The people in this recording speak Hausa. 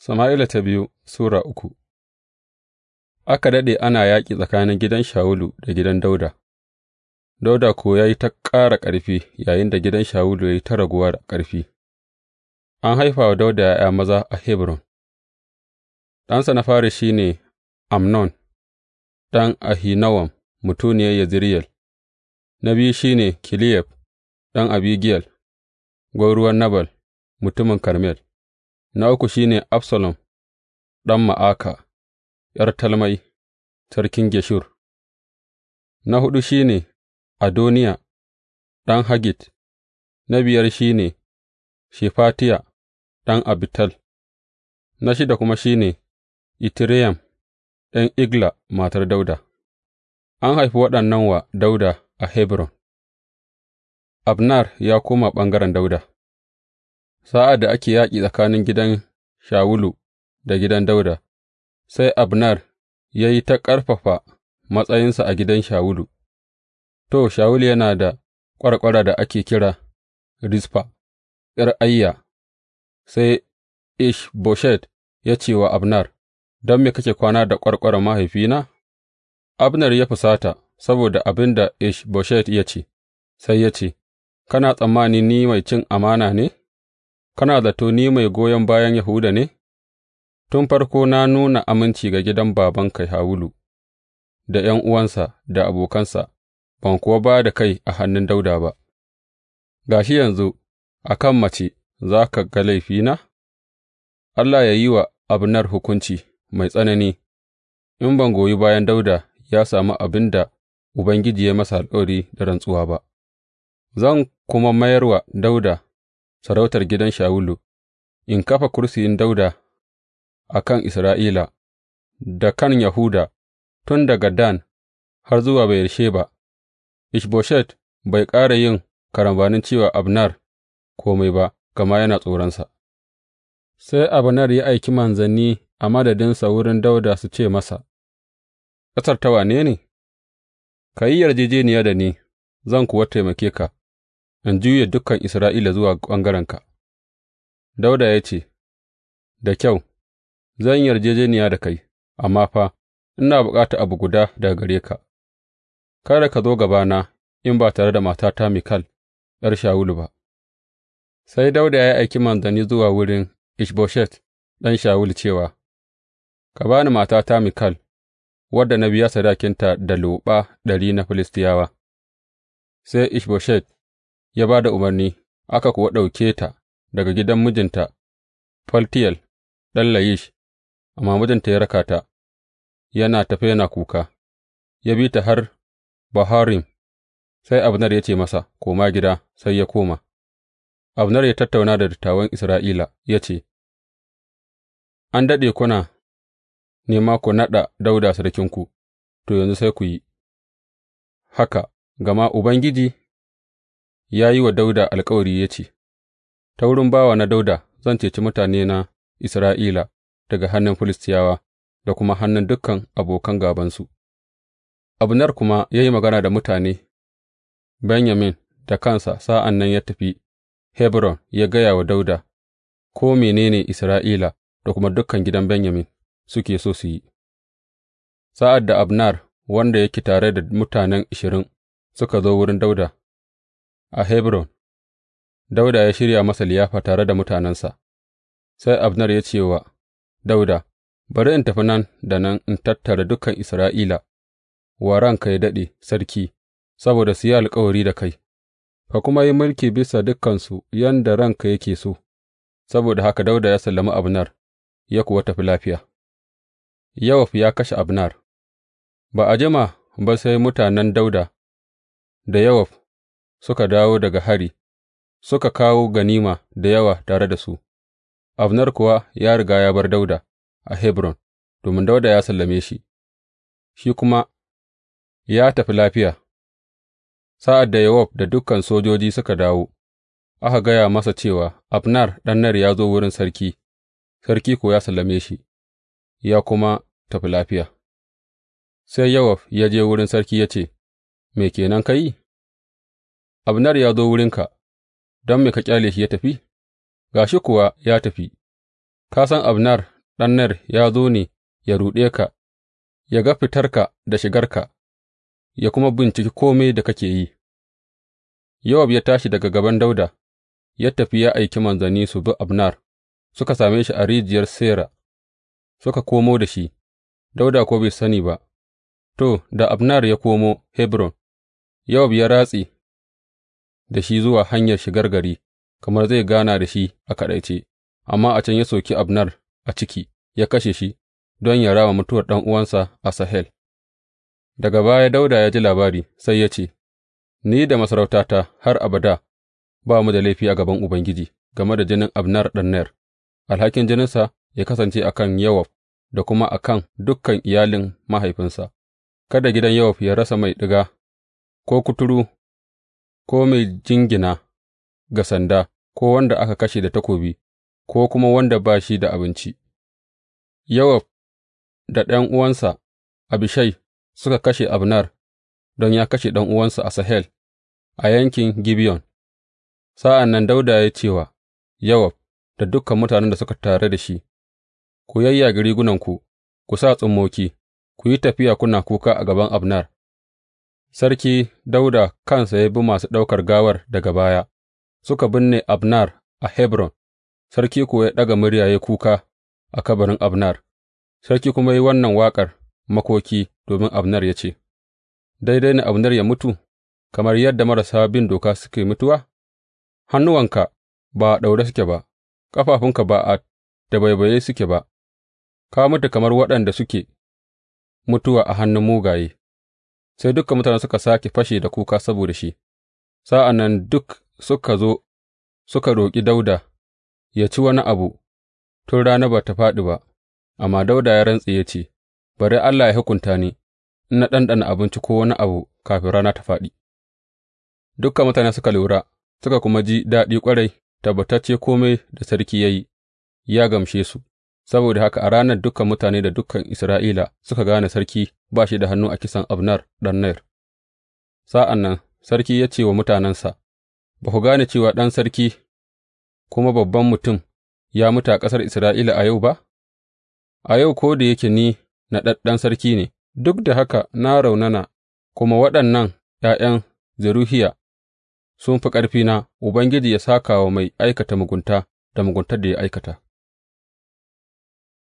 Sama'ila ta biyu Sura uku Aka daɗe ana yaƙi tsakanin gidan Shawulu da gidan Dauda. Dauda ko ya yi ta ƙara ƙarfi yayin da gidan Shawulu ya yi ta raguwa da ƙarfi, an haifa wa Dauda ’ya'ya maza a Hebron, ɗansa na fari shi ne Amnon ɗan ahinawam mutuniyar Yaziriyal. na biyu shi ne Kiliyab ɗan Abigiyel, gwauruwar Nabal mutumin Karmel. na uku shi ne Absalom ɗan Ma'aka, ’yar Talmai, sarkin Geshur, na huɗu shi ne Adoniya ɗan Haggit, na biyar shi ne Shefatiya ɗan Abital, na shida kuma shi ne Itireyam ɗan Igla matar Dauda. An haifi waɗannan wa Dauda a Hebron. abnar ya koma ɓangaren Dauda. sa'ad da ake yaƙi tsakanin gidan Shawulu da gidan Dauda, sai Abner ya yi ta ƙarfafa matsayinsa a gidan Shawulu, to, Shawulu yana da ƙwarƙwara da ake kira Rizfa, ’yar Ayya, sai Ish Boshet ya ce wa Abner, Don me kake kwana da ƙwarƙwarar mahaifina? Abner ya fusata saboda abin da Ish Boshet ya ce, sai ya ce, Kana tsammani ni mai cin amana ne? Kana zato ni mai goyon bayan Yahuda ne, tun farko na nuna aminci ga gidan babanka Shawulu, da 'yan uwansa da abokansa, ban kuwa ba da kai a hannun Dauda ba, ga shi yanzu a kan mace za ka ga na. Allah ya yi wa abinar hukunci mai tsanani, in ban goyi bayan Dauda ya sami abin da Ubangiji ya masa alkawari da rantsuwa ba, zan kuma mayar wa Dauda. sarautar gidan Shawulu, in kafa kursiyin Dauda a kan Isra'ila da kan Yahuda tun daga Dan har zuwa ba. Ishboshet bai ƙara yin karambanin cewa Abner komai ba, gama yana tsoronsa. Sai Abner ya aiki manzanni a madadinsa wurin Dauda su ce masa, Ƙasar ta wane ne? Ka yi yarjejeniya da ni, zan kuwa taimake ka in juye dukan Isra'ila zuwa ɓangarenka. Dauda ya ce, Da kyau, zan yi yarjejeniya da kai, amma fa, ina bukata abu guda daga gare ka, kada ka zo gabana in ba tare da matata Mikal, ’yar Shawulu ba. Sai Dauda ya aiki manzanni zuwa wurin Ishboshet ɗan Shawulu cewa, Ka bani matata Mikal, wadda na biya sadakinta da loɓa ɗari na Filistiyawa. Sai Ishboshet ya ba da umarni, aka kuwa ɗauke ta daga gidan mijinta Faltiyel ɗan Layish, amma mijinta ya raka ta, yana tafe yana kuka, ya bi ta har Baharim, sai Abner ya ce masa, Koma gida, sai ya koma. Abner ya tattauna da dattawan Isra'ila ya ce, An daɗe kuna nema ku naɗa Dauda sarkinku, to yanzu sai ku yi haka, gama Ubangiji ya yi wa Dawuda alkawari ya ce, Ta wurin na Dawuda zan ceci mutanena Isra'ila daga hannun Filistiyawa da kuma hannun dukan abokan gabansu. Abner kuma ya yi magana da mutane Benyamin da kansa sa'an nan ya tafi Hebron ya gaya wa Dawuda ko menene Isra'ila da kuma dukan gidan Benyamin suke so su yi. Sa'ad da Abner wanda yake tare da mutanen ashirin suka zo wurin Dauda. a Hebron, Dauda ya shirya masa liyafa tare da mutanensa, sai Abner ya ce wa Dawuda, Bari in tafi nan da nan in tattara dukan Isra'ila wa ranka ya daɗe, sarki, saboda su yi alkawari da kai, ka kuma yi mulki bisa dukansu yadda ranka yake so, saboda haka Dauda ya sallami Abner, ya kuwa tafi lafiya. Yawaf ya kashe Abner Ba a jima ba sai mutanen Dauda. da yawaf. suka dawo daga hari, suka kawo ganima da yawa tare da su, Abner kuwa ya riga ya bar Dauda a Hebron, domin Dauda ya sallame shi, shi kuma ya tafi lafiya. Sa'ad da Yowab da dukan sojoji suka dawo, aka gaya masa cewa Abner ɗan nar ya zo wurin sarki, sarki kuwa ya sallame shi, ya kuma tafi lafiya. Sai Yowab ya je wurin sarki ya ce, Me kenan ka yi? Abner ya zo wurinka, don me ka ƙyale shi ya tafi? Ga shi kuwa ya tafi, ka san Abner ɗan ya zo ne ya ruɗe ka, ya ga fitarka da shigarka, ya kuma binciki kome da kake yi. Yowab ya tashi daga gaban Dauda, ya tafi ya aiki manzanni su bi Abner, suka same shi a rijiyar Sera, suka komo da shi, Dauda ko bai sani ba, to, da Abner ya komo Hebron, Yowab ya ratse da shi zuwa hanyar shigar gari, kamar zai gana da shi a kaɗaice, amma a can ya soki Abner a ciki, ya kashe shi don ya rama mutuwar uwansa a Sahel. Daga baya Dauda ya ji labari, sai ya ce, Ni da masarautata har abada ba mu da laifi a gaban Ubangiji game da jinin Abner ɗan Ner, alhakin jininsa ya kasance a kan Yawaf da kuma a kan dukan iyalin mahaifinsa, kada gidan Yawaf ya rasa mai ɗiga ko kuturu ko mai jingina ga sanda, ko wanda aka kashe da takobi, ko kuma wanda ba shi da abinci. Yawab da ɗan'uwansa Abishai suka kashe abnar don ya kashe ɗan'uwansa a Sahel a yankin Gibeon. Sa'an nan Dauda ya ce wa Yawab da dukan mutanen da suka tare da shi, Ku yayyage rigunanku, ku sa tsummoki, ku yi tafiya kuna kuka a gaban abnar Sarki Dawuda kansa ya bi masu ɗaukar gawar daga baya, suka binne Abner a Hebron, sarki kuwa ya ɗaga murya ya kuka a kabarin Abner, sarki kuma ya yi wannan waƙar makoki domin Abner ya ce, Daidai ne Abner ya mutu, kamar yadda marasa bin doka suke mutuwa? Hannuwanka ba a ɗaure suke ba, ƙafafunka ba a dabaibaye suke ba, ka mutu kamar waɗanda suke mutuwa a hannun mugaye. sai dukan mutane suka sāke fashe da kuka saboda shi, sa'an nan duk suka zo suka roƙi Dauda ya ci wani abu tun rana ba ta faɗi ba, amma Dauda ya rantse ya ce, Bari Allah ya hukunta ni, in na ɗanɗana abinci ko wani abu kafin rana ta faɗi. Dukan mutane suka lura, suka kuma ji daɗi ƙwarai, tabbatacce kome da sarki ya yi, ya gamshe su. Saboda haka a ranar dukan mutane da dukan Isra'ila suka gane sarki ba shi da hannu a kisan Abner ɗan Ner. Sa'an nan sarki ya ce wa mutanensa, Ba ku gane cewa ɗan sarki kuma babban mutum ya mutu a ƙasar Isra'ila a yau ba? A yau, ko da yake ni na naɗaɗɗen sarki ne, duk da haka na raunana, kuma waɗannan ’ya'yan Zeruhiya sun fi ƙarfina, Ubangiji ya saka wa mai aikata mugunta da muguntar da ya aikata.